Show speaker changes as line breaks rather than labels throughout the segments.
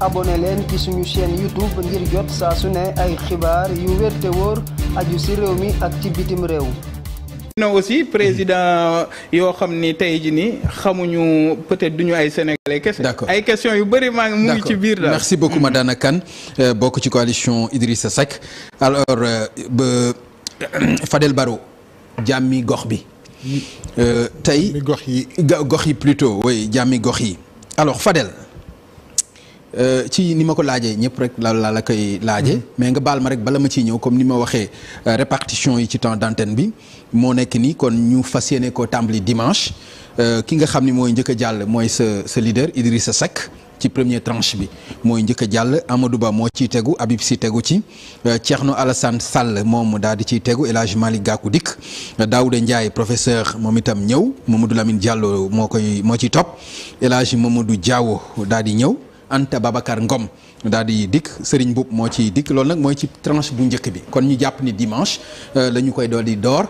abonné leen ci suñu seen YouTube ngir jot saa su ne ay xibaar yu wér te wóor aju si réew mi ak ci bitim réew. na aussi président yoo xam ni tey jii nii xamuñu peut-être duñu ay sénégalais kese. d'accord ay questions yu bëri maa ngi mu ci biir daal. merci beaucoup madame Kane euh, bokk ci coalition Idrissa Seck alors euh, ba euh, Fadel Barro jàmmi gox bi. tey gox yi gox yi jàmmi gox yi alors Fadel. Euh, ci ni ma ko laajee ñëpp rek la la la koy laajee. Mm-hmm. mais nga baal ma rek bala ma ciy ñëw comme ni ma waxee euh, répartition yi ci temps d'antenne bi moo nekk nii kon ñu fas yéene koo tàmbali dimanche euh, ki nga xam ni mooy njëkk a jàll mooy sa sa leader sa Seck. ci premier tranche bi mooy njëkk jàll Amadou Ba moo ciy tegu Habib Sy tegu ci Thierno Alassane Sall moom daal di ciy tegu El Hadj Malick Gakou dikk Daouda Ndiaye professeur moom itam ñëw moom Mamadou lamin jàlloo moo koy moo ciy topp El Hadj Mamadou Diawo daal di ñëw. ante Babacar Ngom daal di dikk Serigne Mboup moo ci dikk loolu nag mooy ci tranche bu njëkk bi kon ñu jàpp ni dimanche euh, la koy dool di door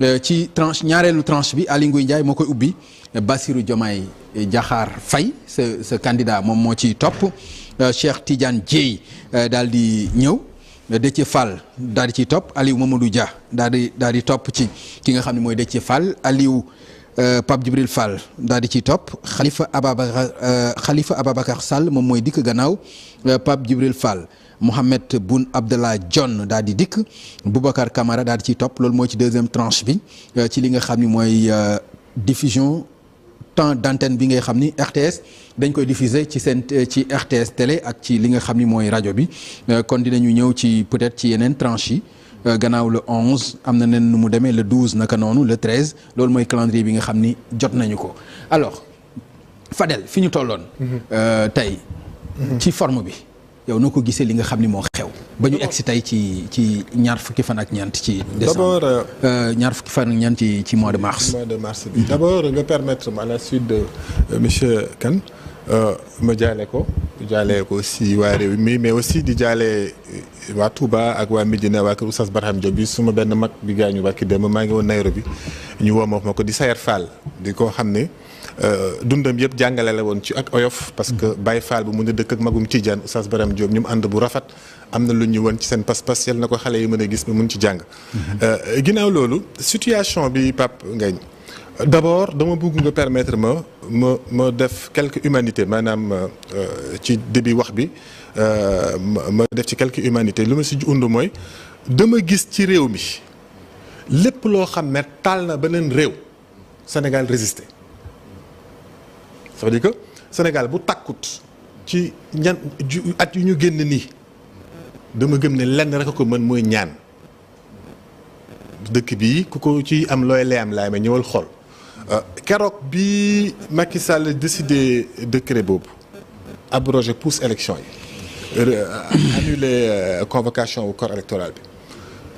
euh, ci tranche ñaareelu tranche bi Aly Ngouille Ndiaye moo koy ubbi Bassirou Diomaye Diakhar Faye sa sa candidat moom moo ciy topp euh, Cheikh Tidiane Dieye daal di ñëw Déthié Fall daal di ciy topp Aliou Mamadou Dia daal di daal di topp ci ki nga xam ne mooy Déthié Fall Aliou Euh, Pape Djibril Fall daal di ciy topp Khalifa Ababacar euh, Khalifa Ababacar Sall moom mooy dikk gannaaw euh, Pape Djibril Fall Mohamed Boun Abdallah Dionne daal di dikk Boubacar Camara daal di ciy topp loolu mooy ci deuxième tranche bi ci li nga xam ni mooy diffusion temps d'antenne bi ngay xam ni RTS dañ koy diffuser ci seen ci RTS ak ci li nga xam ni mooy rajo bi kon dinañu ñëw ci peut-être ci yeneen tranche yi. Euh, gannaaw le 11 am na nen nu mu demee le 12 naka noonu le 13 loolu mooy calendrier bi nga xam ni jot nañu ko alors Fadel fi ñu tolloon. Mhm. Euh, tey mhm. ci forme bi yow noo ko gisee li nga xam ni moo xew. ba ñu egg si tey ci ci ñaar fukki fan ak ñeent ci. décembre euh, ñaar fukki fan ak ñeent ci ci mois de mars. mois
de mars bi d'abord nga permettre ma à la suite de monsieur Kane. ma jaale ko di jaale ko aussi waa réew mii mais aussi di jaale eh, waa Touba ak waa Medina waa kër Oustaz Barham Diop bi suma benn mag bi gaañu barki démb maa ngi woon Nairobi ñu woo ma ko di Sayer Fall di ko xam ne eh, dundam yëpp jàngale la woon ci ak oyof parce que Baye Fall bu mun a dëkk ak magum Tidiane Oustaz Barham Diop ñu mu ànd bu rafet am na lu ñu woon ci seen pas-pas yal na ko xale yi mën a gis ba mun ci jàng. Mm-hmm. Eh, ginnaaw loolu situation bi papp Ngagne d'abord dama bëgg nga permettre ma ma ma def quelque humanité maanaam euh, euh, ci début wax bi euh, ma def ci quelque humanité lu ma si undu mooy dama gis ci réew mi lépp loo xam ne taal na beneen réew Sénégal résisté ça veut dire que Sénégal bu tàkkut ci ñan at yu ñu génn nii dama gëm ne lenn rek a ko mën mooy ñaan dëkk bii ku ko ci am looy layam laa ma ñëwal xool Euh, keroog bi Macky Sall décidé décret boobu abrogé pousse élection yi euh, annulé euh, convocation au corps électoral bi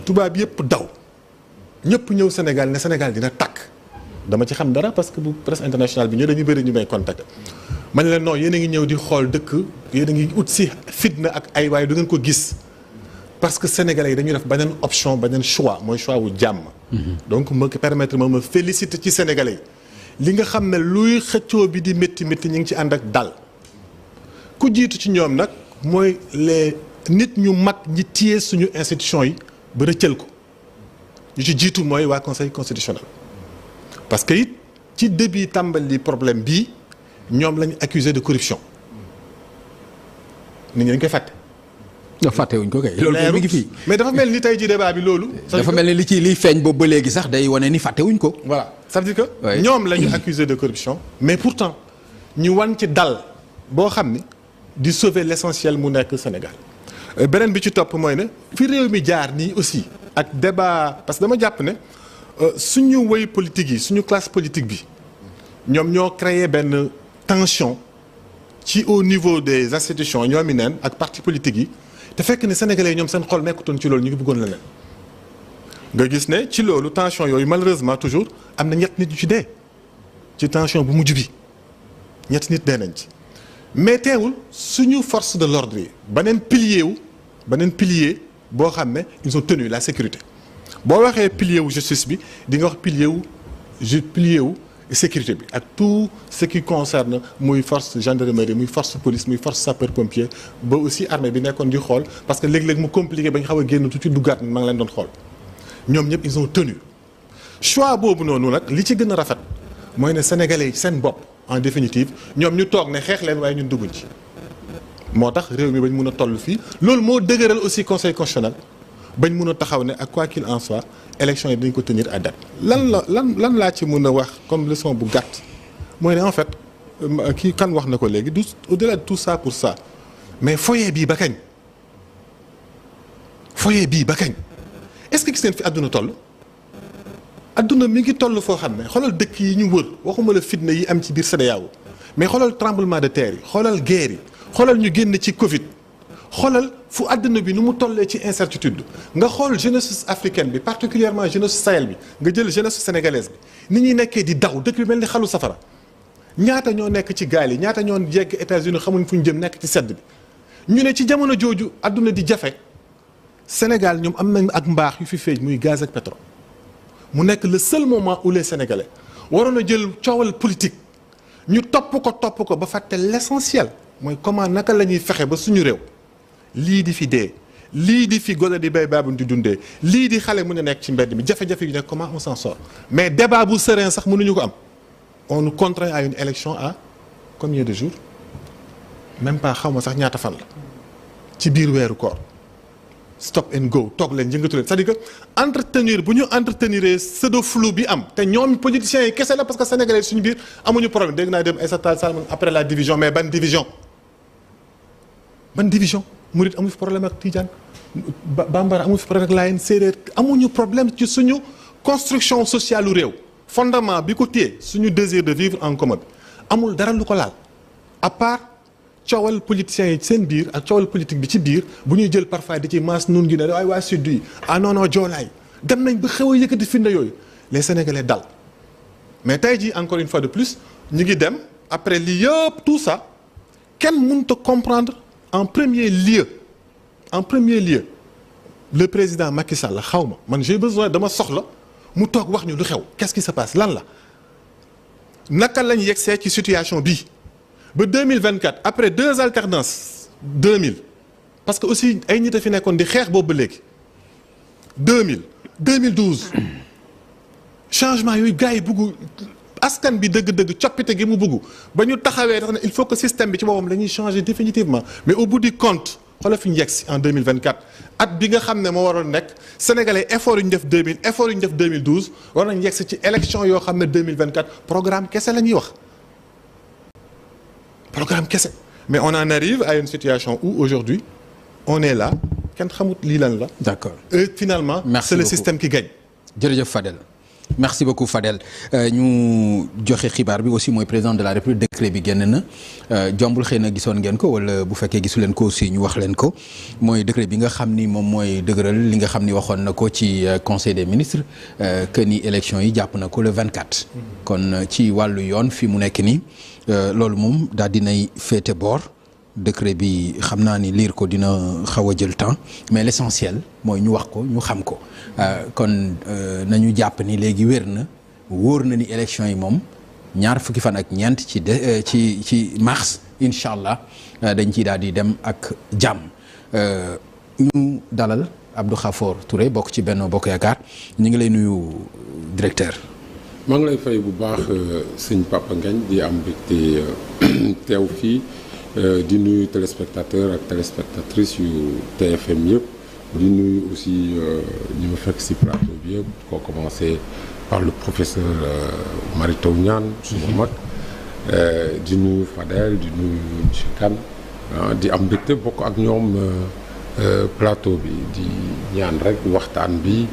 tubaab yëpp daw ñëpp ñëw Sénégal ne Sénégal dina takk dama ci xam dara parce que bu presse internationale bi ñoo dañu bëri ñu may contact man leen non yéen a ngi ñëw di xool dëkk yéen a ngi ut si fitna ak ay waaye du ngeen ko gis parce que sénégale yi dañuy def beneen option beneen choix mooy choix wu jàmm. donc ma permettre ma ma féliciter ci sénégalais yi. li nga xam ne luy xëccoo bi di métti métti ñu ngi ci ànd ak dal ku jiitu ci ñoom nag mooy les nit ñu mag ñi téye suñu institution yi ba rëccal ko ñu ci jiitu mooy waa conseil constitutionnel. parce que it ci début tàmbali problème bi ñoom lañu accusé de corruption nit ñi dañ koy fàtte. fàttewuñ ko kay. loolu mi ngi fii mais dafa mel ni tey ci débat bi loolu. dafa mel ni li ci liy feeñ boobu ba léegi sax day wane ni fàttewuñ ko. voilà ça veut dire ñoom la ñu accusé de corruption. mais pourtant ñu wan ci dal boo xam ni di sauver l' essentiel mu nekk Sénégal euh, beneen bi ci topp mooy ne fi réew mi jaar nii aussi ak débat parce que dama jàpp ne euh, suñu woy politique yi suñu classe politique bi ñoom ñoo créé benn tension ci au niveau des institutions ñoomi neen ak parti politique yi. te fekk ni sénégalais ñoom seen xol nekkutoon ci loolu ñu ngi bëggoon leneen nga gis ne ci loolu tension yooyu malheureusement toujours am na ñett nit ñu ci dee ci tension bu mujj bi ñett nit dee nañ ci mais teewul suñu force de l'ordre bi beneen pilier wu beneen pilier boo xam ne ils ont tenu la sécurité boo waxee pilier wu justice bi dinga wax pilier wu ju pilier wu. sécurité bi ak tout ce qui concerne muy force gendarmerie muy force police muy force sapeur pompier ba aussi armée bi nekkoon di xool parce que léeg-léeg mu compliqué ba ñu xaw a génn tuuti duggaat ma ngi leen doon xool ñoom ñëpp ils ont tenu choix boobu noonu nag li ci gën a rafet mooy ne sénégalais yi seen bopp en définitive ñoom ñu toog ne xeex leen waaye ñun dugguñ ci moo tax réew mi ba ñu mun a toll fii loolu moo dëgëral aussi conseil constitutionnel. bañ mun a taxaw ne ak quoi qu'il en soit élection yi dañ ko tenir à date. lan la lan lan laa ci mun a wax comme leçon bu gàtt mooy ne en fait euh, kii kan wax na ko léegi du au-delà tout ça pour ça mais foyer bii ba kañ foyer bii ba kañ est-ce fi àdduna toll. adduna mi ngi toll foo xam ne xolal dëkk yi ñu wër waxuma la fitna yi am ci biir CEDEAO mais xoolal tremblement de terre yi xoolal guerre yi xoolal ñu génn ci Covid xoolal fu àddina bi nu mu tollee ci incertitude nga xool jeunesse africain bi particulièrement jeunesse Sahel bi nga jël jeunesse sénégalaise bi ni ñuy nekkee di daw dëkk bi mel ni xalu safara ñaata ñoo nekk ci gaal yi ñaata ñoo yegg États-Unis xamuñ fu ñu jëm nekk ci sedd ñu ne ci jamono jooju àdduna di jafe Sénégal ñoom am nañ ak mbaax yu fi feeñ muy gaz ak pétrole mu nekk le seul moment où les Sénégalais waroon a jël coowal politique ñu topp ko topp ko ba fàtte l'essentiel mooy comment naka la ñuy fexe ba suñu réew lii di fi dee lii di fi gone di béy baabu di dundee lii di xale mën a nekk ci mbedd mi jafe-jafe yu nekk comment on mais débat bu serein sax mënuñu ko am on nous contraint à une élection à combien de jours même pas xaw ma sax ñaata fan la ci biir weeru koor stop and go toog leen yëngatu leen sa à dire que entretenir bu ñu entretenir pseudo flou bi am te ñoom politiciens yi kese la parce que sénégalais suñu biir amuñu problème dégg naa dem Aïssata Tall Sall après la division mais ban division ban division murit amu fi problème ak tijaan bambara amu fi problème ak laayeen séeréer amuñu problème ci suñu construction sociale lu réew fondement bi ko téye suñu désir de vivre en commun bi amul dara lu ko laal à part coowal politiciens yi seen biir ak coowal politique bi ci biir bu ñuy jël parfois di ci maas nun gi ne waaye waa sud yi ah non non joolaay dem nañ ba xew a di firnde yooyu les sénégalais dal mais tey jii encore une fois de plus ñu ngi dem après lii yëpp tout ça kenn mënut a comprendre en premier lieu en premier lieu le président Macky Sall xaw ma man j'ai besoin dama soxla mu toog wax ñu lu xew qu'est-ce qui se passe lan la naka lañ yegsee ci situation bi ba 2024 après deux alternances parce que aussi ay nit a fi nekkoon di xeex boobu ba léegi 2000 2012 changement yooyu gars yi askan bi dëgg-dëgg coppite gi mu bugg ba ñu taxawee tax ne il faut que système bi ci boppam la ñuy changer définitivement mais au bout du compte xoolal fi si en 2024 at bi nga xam ne moo waroon nekk sénégalais effort yu ñu def 2000 effort yu ñu def 2012 war nañ yegg si ci élection yoo xam ne 2024 programme kese la ñuy wax programme kese mais on en arrive à une situation où aujourd'hui on est là kenn xamut lii lan la. d'accord et finalement. c'est le système ki gagne. jërëjëf Fadel. merci beaucoup Fadel euh,
ñu joxe xibaar bi aussi mooy président de la république décret bi génn na euh, jombul xëy na gisoon ngeen ko wala bu fekkee gisu leen ko aussi ñu wax leen ko mooy décret bi nga xam ni moom mooy dëgëral li nga xam ni waxoon na ko ci euh, conseil des ministres que ni élection yi jàpp na ko le 24. Mm-hmm. kon ci wàllu yoon fi mu nekk nii loolu moom daal dinay féete boor. décret bi xam naa ni liir ko dina xaw a jël temps mais l'essentiel mooy ñu wax ko ñu xam ko euh, kon euh, nañu jàpp ni léegi wér na wóor na ni élection yi moom ñaar fukki fan ak ñeent ci de euh, ci ci mars incha allah dañ ciy daal di dem ak jàmm ñu dalal Abdou Khafor Touré bokk ci benn Bokk Yaakaar ñu ngi lay nuyu directeur.
maa ngi lay bu baax sëñ Papa Ngagne di am mbégte teew fii. Euh, di nuyu téléspectateur ak téléspectatrice yu TFM yëpp di nuyu aussi euh, ñu ma fekk ci plateau bi yëpp koo commencé par le professeur euh, Mary ñaan Niane suma mhm. mag di nuyu Fadel di nuyu monsieur ah, di am mbégte bokk ak ñoom plateau bi di ñaan rek waxtaan bi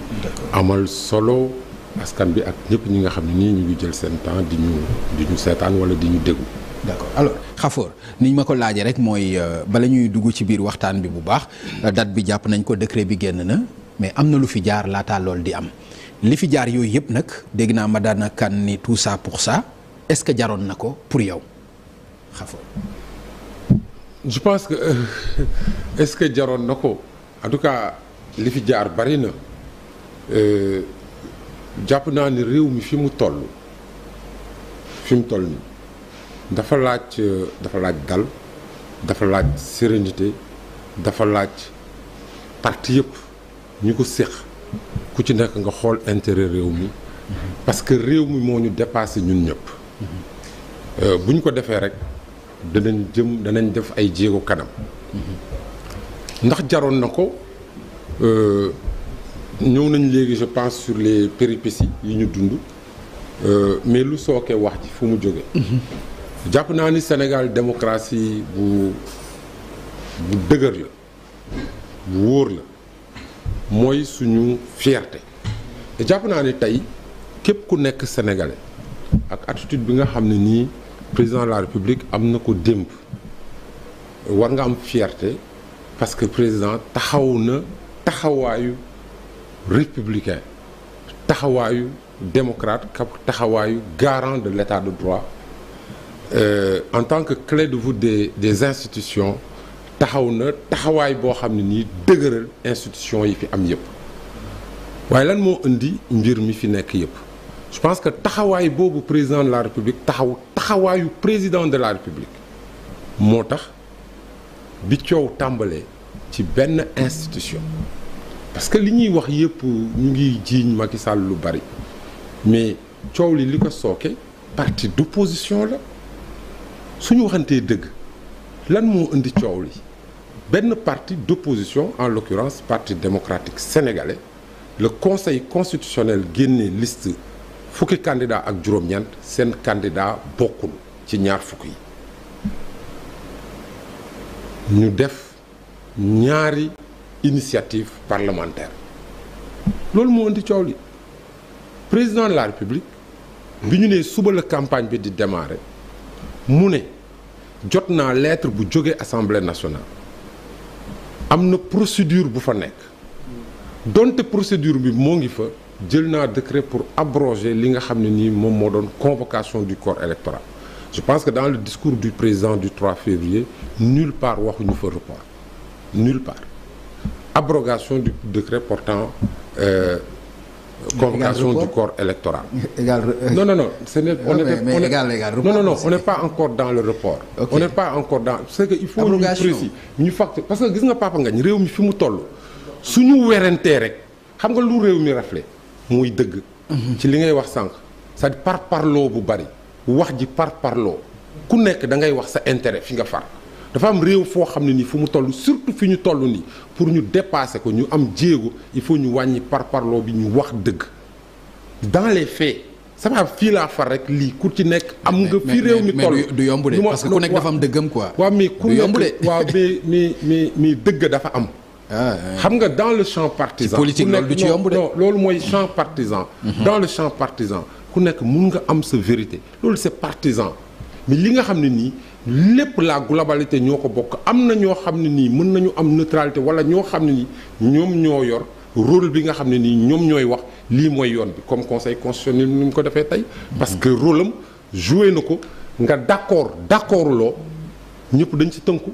amal solo askan bi ak ñëpp ñi nga xam ne nii ñu ngi jël seen temps di ñu di seetaan wala di ñu déggu d' accord alors Khafor ni ñu ma ko laajee
rek mooy euh, bala ñuy dugg ci biir waxtaan bi bu baax euh, date bi jàpp nañ ko décret bi génn na mais am na lu fi jaar lool di am li fi jaar yooyu yëpp nag dégg naa ma daana kan ni tout ça pour est ce que jaroon na ko pour yow Khafor.
je pense que euh, est ce que jaroon na ko en tout li fi jaar bari na jàpp naa ni réew mi fi mu toll fi mu toll nii. dafa laaj euh, dafa laaj dal dafa laaj sérénité dafa laaj parti yëpp ñu ko séq ku ci nekk nga xool intérêt réew mi parce que réew mi moo ñu dépassé ñun ñëpp euh, bu ñu ko defee rek danañ jëm danañ def ay jéego kanam ndax jaroon na ko euh, ñëw nañ léegi je pense sur les péripéties yu ñu dund mais lu sooke wax ci fu mu jóge jàpp naa ni Sénégal démocratie bu bu dëgër la bu wóor la mooy suñu fierté te jàpp naa ni tey képp ku nekk sénégalais ak atitude bi nga xam ne nii président de la république am na ko démp war nga am fierté parce que président taxaw na taxawaayu républicain taxawaayu démocrate kap taxawaayu garant de l'état de droit euh, en tant que clé de voûte des des institutions taxaw na taxawaay boo xam ne nii dëgëral institutions yi fi am yëpp waaye lan moo indi mbir mi fi nekk yëpp je pense que taxawaay boobu président de la république taxaw taxawaayu président de la république moo tax bi coow tàmbalee ci benn institution parce que li ñuy wax yëpp ñu ngi jiiñ Macky Sall lu bari mais coow li li ko sooke parti position la suñu waxantee dëgg lan moo indi coow li benn parti d'opposition en l'occurrence parti démocratique sénégalais le conseil constitutionnel génnee liste fukki candidat ak juróom-ñeent seen candidat bokkul ci ñaar fukki yi ñu def ñaari initiative parlementaire loolu moo indi coow li président de la république bi ñu nee suba la campagne bi di demare mu ne jot naa leetre bu jógee assemblée nationale am na procédure bu fa nekk donte procédure bi moo ngi fa jël naa décret pour abroger li nga xam ne nii moom moo doon convocation du corps électoral je pense que dans le discours du président du 3 février nulle part waxuñu fa report nulle part abrogation du décret portant euh, convocation du corps électoral. égal non non non ce n'est on est on est égal égal non non non on n'est pas encore dans le report. on n'est pas encore dans c'est que il faut ñu précis ñu fact parce que gis nga Papa Ngagne réew mi fi mu toll suñu werantee rek xam nga lu réew mi rafle muy dëgg. Mhm. ci li ngay wax sànq c'est-à-dire par parloo bu bari wax ji par parloo ku nekk da ngay wax sa intérêt fi nga far dafa am réew foo xam ne nii fu mu toll surtout fi ñu toll nii pour ñu dépasser ko ñu am jéego il faut ñu wàññi par parloo bi ñu wax dëgg dans les faits sama fii laa far rek lii ku ci nekk. am nga fi réew mi toll du yomb de parce que ku nekk dafa am dëggam quoi. waaw mais ku nekk waaw mais mais mais mais dëgg dafa am. Ah, ah. xam nga dans le champ partisan. ci politique du ci yomb de loolu mooy champ partisan. Mhm. dans le partisan ku nekk mun nga am sa vérité loolu c'est partisan mais li nga xam ne nii. lépp la globalité ñoo ko bokk am na ñoo xam ne nii mën nañu am neutralité wala ñoo xam ne nii ñoom ñoo yor rôle bi nga xam ne nii ñoom ñooy wax lii mooy yoon bi comme conseil constitutionnel ni ñu ko defee tey. parce que rôle am joué na ko nga d'accord d'accord loo ñëpp dañ ci tënku.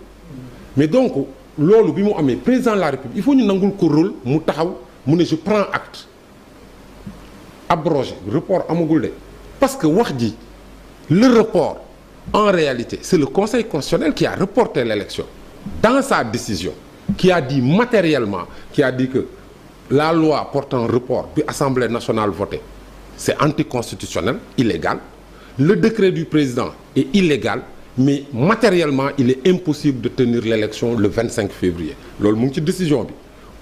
mais donc loolu bi mu amee président de la république il faut ñu nangul ko rôle mu taxaw mu ne je prends acte abrogé report amagul de parce que wax ji le report. en réalité c'est le conseil constitutionnel qui a reporté l'élection dans sa décision qui a dit matériellement qui a dit que la loi portant report bi assemblée nationale votée c'est constitutionnel illégal le décret du président est illégal mais matériellement il est impossible de tenir l'élection le 25 février loolu mu ngi ci décision bi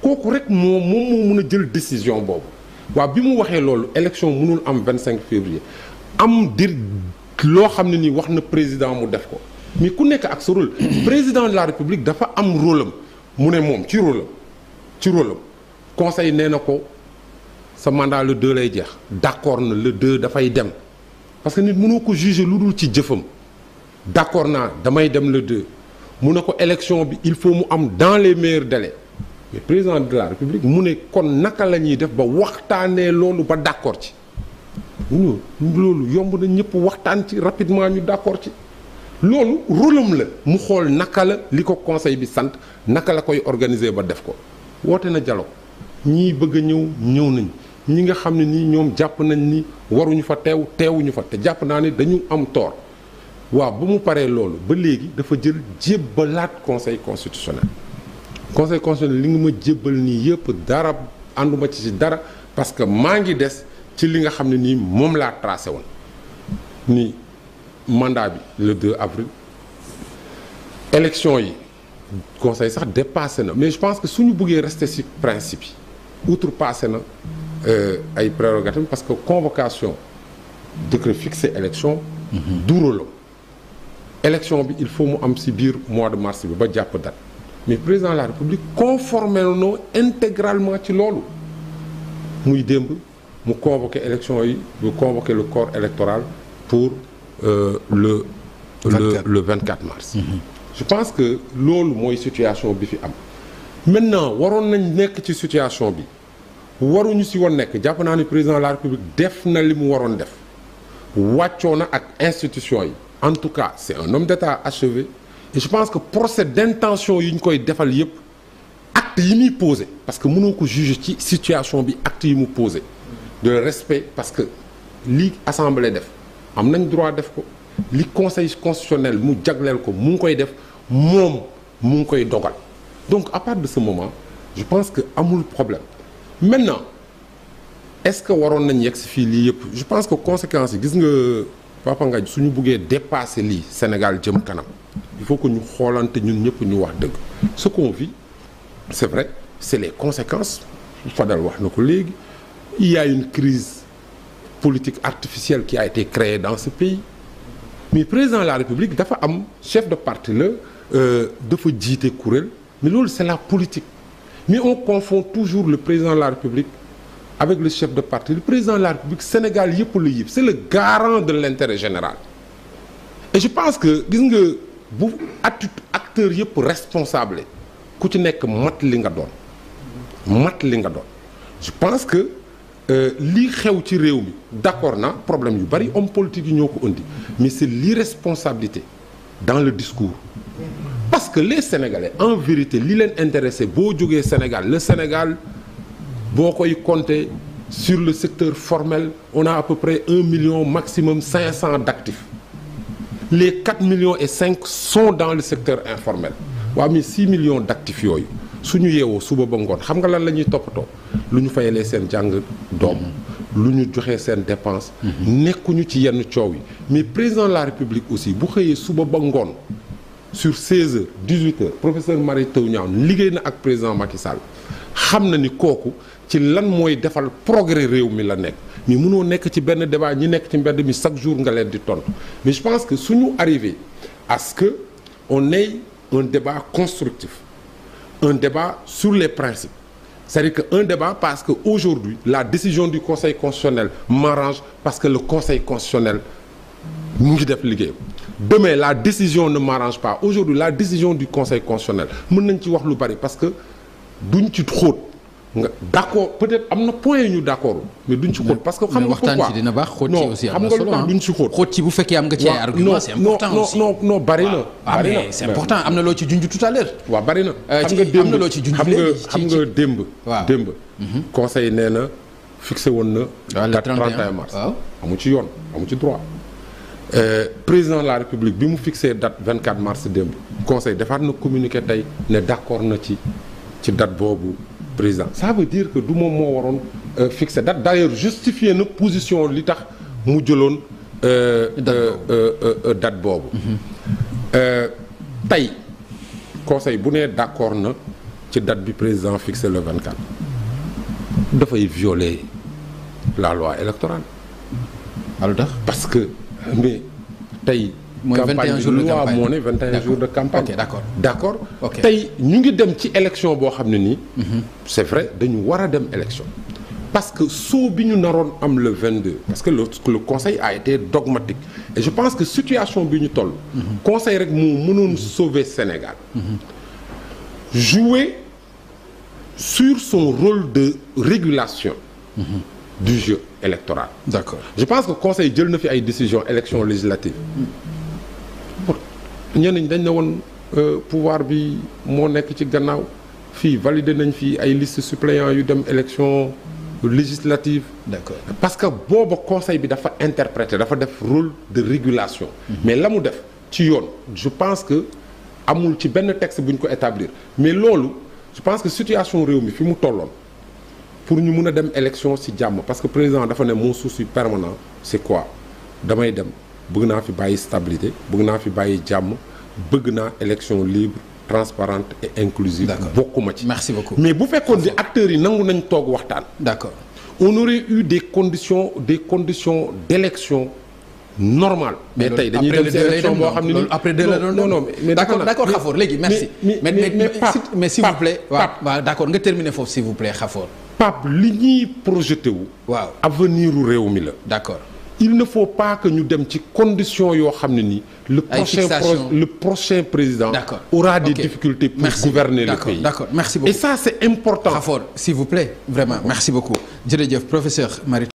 kooku rek moom moom moo mën a jël décision boobu waaw bi mu waxee loolu élection mënul am 25 février am dir loo xam ne nii wax na président mu def ko mais ku nekk ak sa rôle président de la république dafa am rôle am mu ne moom ci rôle am ci rôle am conseil nee na ko sa mandat le 2 lay jeex d'accord na le 2 dafay dem parce que nit munoo ko juger lu dul ci jëfam d'accord naa damay dem le 2 mu ne ko élection bi il faut mu am dans les meilleurs délais mais président de la république mu ne kon naka la ñuy def ba waxtaanee loolu ba d'accord ci ñu loolu yomb na ñëpp waxtaan ci rapidement ñu d'accord ci loolu rôlam la mu xool naka la li ko conseil bi sant naka la koy organiser ba def ko woote na dialogue ñii bëgg ñëw ñëw nañ ñi nga xam ne nii ñoom jàpp nañ ni waruñu fa teew teewuñu fa te jàpp naa ne dañu am tort waaw ba mu paree loolu ba léegi dafa jël jébbalaat conseil constitutionnel conseil constitutionnel li nga ma jébbal nii yëpp dara ànduma ci ci dara parce que maa ngi des ci li nga xam ne nii moom laa tracé woon ni mandat bi le 2 avril élection yi conseil sax dépassé na mais je pense que suñu bëggee rester ci principe yi outrepassé na euh, ay prérogatives parce que convocation décret fixé élection mhm. duurala élection bi il faut mu am ci biir mois de mars bi ba jàpp date mais président de la république conforme noo intégralement ci loolu muy démb mu convoqué élection yi bu convoqué le corps électoral pour euh, le, le le 24 mars mm -hmm. je pense que loolu mooy situation bi fi am maintenant waroon nañ nekk ci situation bi waruñu si woon nekk jàpp naa ni président de la république def na li mu waroon def wàccoo na ak institution yi en tout cas c'est un homme d'état achevé et je pense que procès d'intention yi ñu koy defal yépp acte yi muy posé parce que mënoo ko juger ci situation bi acte yi mu posé de respect parce que li assemblée def am nañ droit def ko li conseil constitutionnel mu jagleel ko mu ngi koy def moom mu ngi koy dogal donc à partir de ce moment je pense que amul problème maintenant est-ce que waroon nañ yegg si fii lii yëpp je pense que conséquences yi gis nga Papa Ngagne suñu buggee dépasser lii Sénégal jëm kanam il faut que ñu xoolante ñun ñëpp ñu wax dëgg ce qu'on vit c'est vrai c'est les conséquences Fadal wax na ko léegi il y a une crise politique artificielle qui a été créée dans ce pays mais président de la République dafa am chef de parti la euh, dafa jiite kuréel mais loolu c'est la politique mais on confond toujours le président de la République avec le chef de parti le président de la République Sénégal yëpp la yëpp c'est le garant de l'intérêt général et je pense que gis nga bu atti acteur yëpp responsable ku ci nekk mat li nga doon mat li nga doon Euh, lii xew ci réew mi d'accord na problème yu bari homme politique yi ñoo ko indi mais c'est responsabilité dans le discours parce que les Sénégalais en vérité li leen intéressé boo jógee Sénégal le Sénégal boo koy compter sur le secteur formel on a à peu près un million maximum cinq cent d'actifs les quatre millions et cinq sont dans le secteur informel waaw mais six million d'actifs yooyu su ñu yeewoo suba ba ngoon xam nga lan la ñuy toppatoo lu ñu fayalee seen jàng doom lu ñu joxe seen dépense mhm. nekkuñu ci yenn coow yi mais président la république aussi bu xëyee suba ba ngoon sur 16 heures 18 heures professeur Mary Teuw liggéey na ak président Macky Sall xam na ni kooku ci lan mooy defal progrès réew mi la nekk mais mënoo nekk ci benn débat ñi nekk ci mbedd mi chaque jour nga leen di tontu mais je pense que suñu arrivé à ce que on ait un débat constructif un débat sur les principes C'est-à-dire qu'un débat parce qu'aujourd'hui, la décision du Conseil constitutionnel m'arrange parce que le Conseil constitutionnel mu ngi def liggéey demain la décision ne m'arrange pas aujourd'hui la décision du Conseil constitutionnel mën nañ ci wax lu bari parce que du duñ ci xóot nga d'accord peut-être am na point yu ñu d'accord mais duñ ci xóot parce que xam nga waxtaan ci dina baax xóot ci aussi am na solo non
xam nga lu tax am nga ci ay argument c'est important aussi na bari na ah, c'est loo
ci junj tout à l'heure waaw na euh, xam nga démb am na loo ci junj xam nga démb mhm. conseil nee na fixé woon na date ah, 31 mars waaw amu ci yoon amu ci droit euh, président de la république bi mu fixé date 24 mars démb conseil defaat na communiqué tey ne d'accord na ci ci date boobu président ça veut dire que du moom moo waroon euh, fixer date d'ailleurs justifier na position li tax mu jëloon euh, euh, date boobu mhm. tey conseil bu nee d'accord na ci date bi président fixe le 24 dafay violer la loi électorale alors parce que mais tey mooy 21 jours de campagne moo ne 21 jours de campagne. ok d' accord tey ñu ngi dem ci élection boo xam ne nii. Mhm. c' est vrai dañu war a dem élection. parce que soo bi ñu naroon am le 22. parce que le le conseil a été dogmatique. je pense que situation bi ñu toll. Mhm. conseil rek moo mënoon mhm. sauver Sénégal. jouer sur son rôle de régulation. du jeu électoral. d' accord je pense que conseil jël na fi ay décisions élection législative. ñenn ñi dañ ne woon euh, pouvoir bi moo nekk ci gannaaw fii validé nañ fii ay list suppléants yu dem élection législative d'accord parce que booba conseil bi dafa interprété dafa def rôle de régulation mhm. mais la mu def ci yoon je pense que amul ci benn texte bu ñu ko établir mais loolu je pense que situation réew mi fi mu tolloon pour ñu mun a dem élection si jàmm parce que président dafa ne mon souci permanent c'est quoi damay dem bëgg naa fi bàyyi stabilité bëgg naa fi bàyyi jàmm bëgg naa élection libre transparente et inclusive bokkuma ci merci beaucoup mais bu fekkoon di acteur yi nangu nañ toog waxtaan d'accord on aurait eu des conditions des conditions d'élection normal mais tey dañuy dem ci xam ne loolu après de la doon non non mais d'accord d'accord Khafor léegi merci
mais mais mais s'il vous plaît waaw waaw d'accord nga terminer foofu s'il vous plaît Khafor
Pape li ñuy projeté wu waaw avenir réew mi la d'accord il ne faut pas que ñu dem ci condition yoo xam ne nii. le prochain pro le prochain président. d'accord aura des okay. difficultés. pour merci. gouverner le pays merci beaucoup. et ça c'est important. Khafor s'il vous plaît vraiment
merci beaucoup jërëjëf professeur Mary